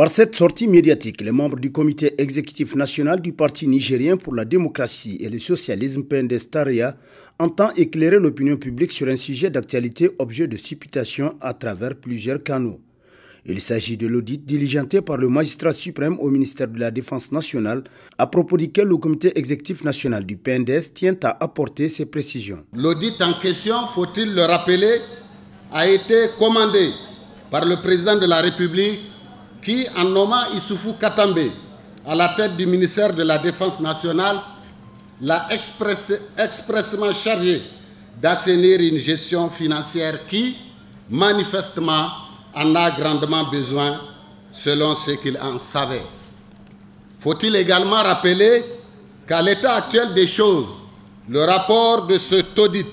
Par cette sortie médiatique, les membres du comité exécutif national du Parti nigérien pour la démocratie et le socialisme Taria entend éclairer l'opinion publique sur un sujet d'actualité objet de supputation à travers plusieurs canaux. Il s'agit de l'audit diligenté par le magistrat suprême au ministère de la Défense nationale, à propos duquel le comité exécutif national du PNDS tient à apporter ses précisions. L'audit en question, faut-il le rappeler, a été commandé par le président de la République qui, en nommant Issoufou Katambe à la tête du ministère de la Défense nationale, l'a expressément chargé d'assainir une gestion financière qui, manifestement, en a grandement besoin, selon ce qu'il en savait. Faut-il également rappeler qu'à l'état actuel des choses, le rapport de cet audit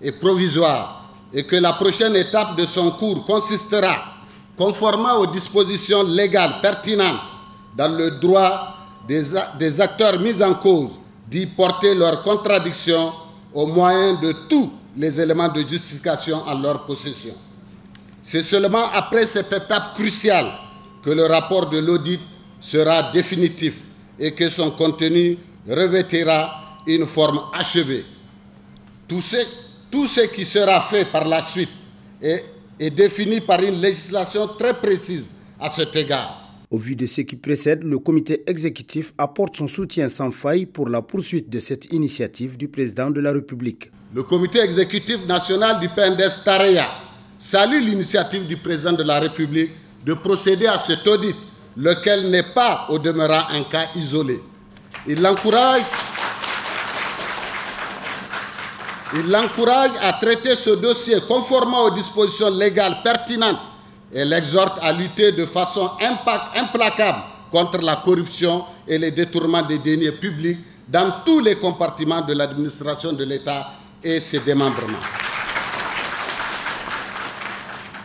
est provisoire et que la prochaine étape de son cours consistera conformément aux dispositions légales pertinentes dans le droit des, acteurs mis en cause d'y porter leurs contradictions au moyen de tous les éléments de justification à leur possession. C'est seulement après cette étape cruciale que le rapport de l'audit sera définitif et que son contenu revêtira une forme achevée. Tout ce, tout ce qui sera fait par la suite est est définie par une législation très précise à cet égard. Au vu de ce qui précède, le comité exécutif apporte son soutien sans faille pour la poursuite de cette initiative du président de la République. Le comité exécutif national du PNDES Tareya salue l'initiative du président de la République de procéder à cet audit, lequel n'est pas au demeurant un cas isolé. Il l'encourage il l'encourage à traiter ce dossier conformément aux dispositions légales pertinentes et l'exhorte à lutter de façon implacable contre la corruption et les détournements des deniers publics dans tous les compartiments de l'administration de l'État et ses démembrements.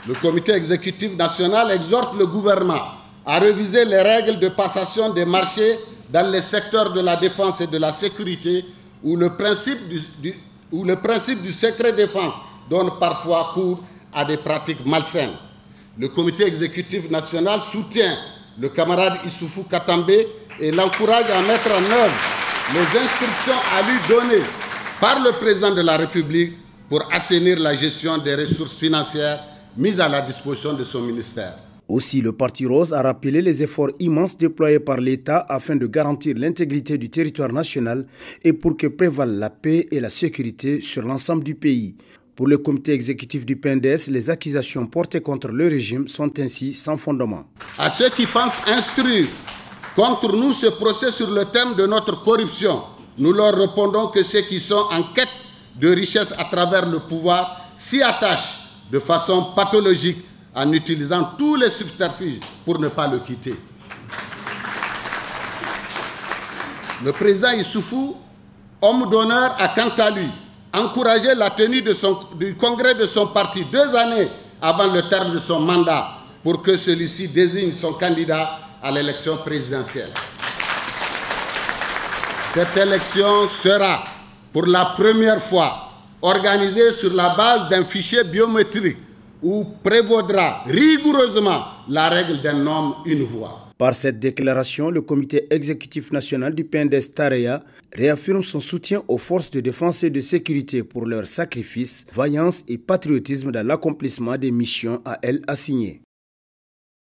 Le comité exécutif national exhorte le gouvernement à réviser les règles de passation des marchés dans les secteurs de la défense et de la sécurité où le principe du où le principe du secret défense donne parfois cours à des pratiques malsaines. Le comité exécutif national soutient le camarade Issoufou Katambe et l'encourage à mettre en œuvre les instructions à lui données par le président de la République pour assainir la gestion des ressources financières mises à la disposition de son ministère. Aussi, le Parti Rose a rappelé les efforts immenses déployés par l'État afin de garantir l'intégrité du territoire national et pour que prévalent la paix et la sécurité sur l'ensemble du pays. Pour le comité exécutif du PNDS, les accusations portées contre le régime sont ainsi sans fondement. À ceux qui pensent instruire contre nous ce procès sur le thème de notre corruption, nous leur répondons que ceux qui sont en quête de richesse à travers le pouvoir s'y attachent de façon pathologique en utilisant tous les subterfuges pour ne pas le quitter. Le président Issoufou, homme d'honneur, a quant à lui encouragé la tenue du congrès de son parti deux années avant le terme de son mandat pour que celui-ci désigne son candidat à l'élection présidentielle. Cette élection sera, pour la première fois, organisée sur la base d'un fichier biométrique ou prévaudra rigoureusement la règle d'un homme, une voix. Par cette déclaration, le comité exécutif national du PNDS Tarea réaffirme son soutien aux forces de défense et de sécurité pour leur sacrifice, vaillance et patriotisme dans l'accomplissement des missions à elles assignées.